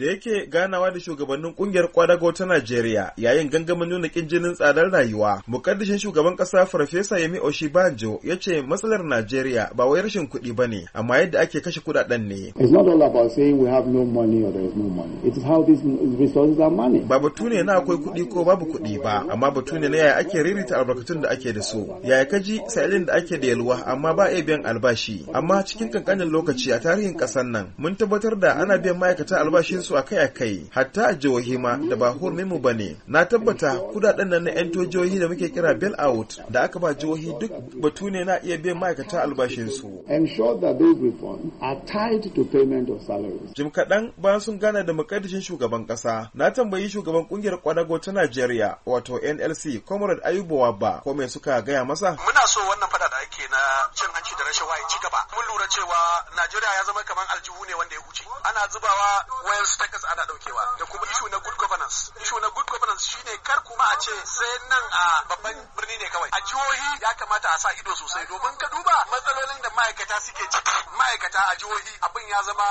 da yake ganawa da shugabannin kungiyar kwadago ta Najeriya yayin gangamin nuna kin jinin tsadar rayuwa. Mukaddishin shugaban kasa Farfesa Yemi Oshibanjo ya ce matsalar Najeriya ba wai rashin kuɗi ba ne, amma yadda ake kashe kuɗaɗen ne. It's not all about saying we have no money or there is no money. It is how these resources are managed. Ba batu ne na akwai kuɗi ko babu kuɗi ba, amma batu ne na yaya ake ririta albarkatun da ake da su. Yaya kaji sa'ilin da ake da yalwa amma ba a biyan albashi. Amma cikin kankanin lokaci a tarihin ƙasar nan mun tabbatar da ana biyan ma'aikata albashinsu su akai-akai hatta a jihohi ma da ba hurminmu ba ne na tabbata kudaden nan na 'yan jihohi da muke kira bail out da aka ba jihohi duk batu ne na iya biyan ma'aikata albashin albashinsu jim kaɗan bayan sun gana da mukaddishin shugaban ƙasa na tambayi shugaban ƙungiyar kwadago ta najeriya wato nlc comrade ayubuwa ba ko mai suka gaya masa muna so wannan fada da ake na cin hanci da rashawa ya ci gaba mun lura cewa Najeriya ya zama kamar aljihu ne wanda ya huce ana zubawa wayar status ana daukewa da kuma ishu na good governance ishu na good governance shine kar kuma a ce sai nan a babban birni ne kawai a jihohi ya kamata a sa ido sosai domin ka duba matsalolin da ma'aikata suke ciki ma'aikata a jihohi abin ya zama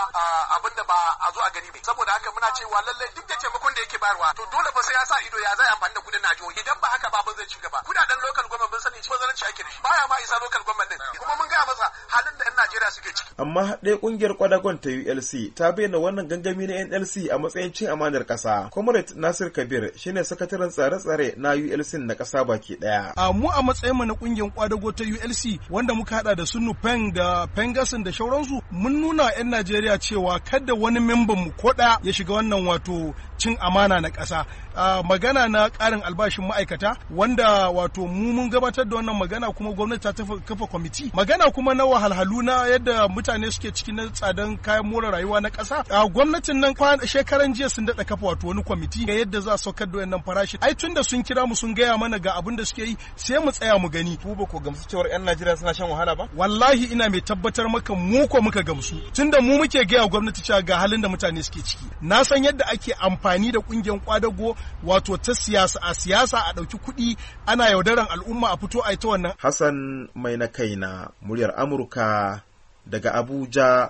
abin da ba a zo a gani ba saboda haka muna cewa lallai duk da taimakon da yake bayarwa to dole ba sai ya sa ido ya zai amfani da kudin na jihohi idan ba haka ba ban zai ci gaba kudaden local government mun sani ci ake ne baya ma isa local government din kuma mun ga masa halin da yan Najeriya suke ciki amma haɗe kungiyar kwadagon ta ULC ta bayyana wannan gangami na NLC a matsayin cin amanar kasa comrade Nasir Kabir shine sakataren tsare-tsare na ULC na kasa baki daya a mu a matsayin mu na kungiyar kwadago ta ULC wanda muka hada da Sunu Pen Sultan da Pengasin da shauransu mun nuna 'yan Najeriya cewa kada wani memban mu ko daya ya shiga wannan wato cin amana na ƙasa. magana na ƙarin albashin ma'aikata wanda wato mu mun gabatar da wannan magana kuma gwamnati ta kafa kwamiti. Magana kuma na wahalhalu na yadda mutane suke cikin na tsadan kayan more rayuwa na ƙasa. gwamnatin nan shekaran jiya sun daɗa kafa wato wani kwamiti ga yadda za su saukar da wannan farashi. Ai tun da sun kira mu sun gaya mana ga abin da suke yi sai mu tsaya mu gani. Ku ba ku gamsu cewar 'yan Najeriya suna shan wahala ba? Wallahi wallahi ina mai tabbatar maka mu ko muka gamsu tunda mu muke gaya gwamnati cewa ga halin da mutane suke ciki na san yadda ake amfani da kungiyar kwadago wato ta siyasa a siyasa a ɗauki kuɗi ana yaudaran al'umma a fito a ita wannan Hassan mai na kaina muryar Amurka daga Abuja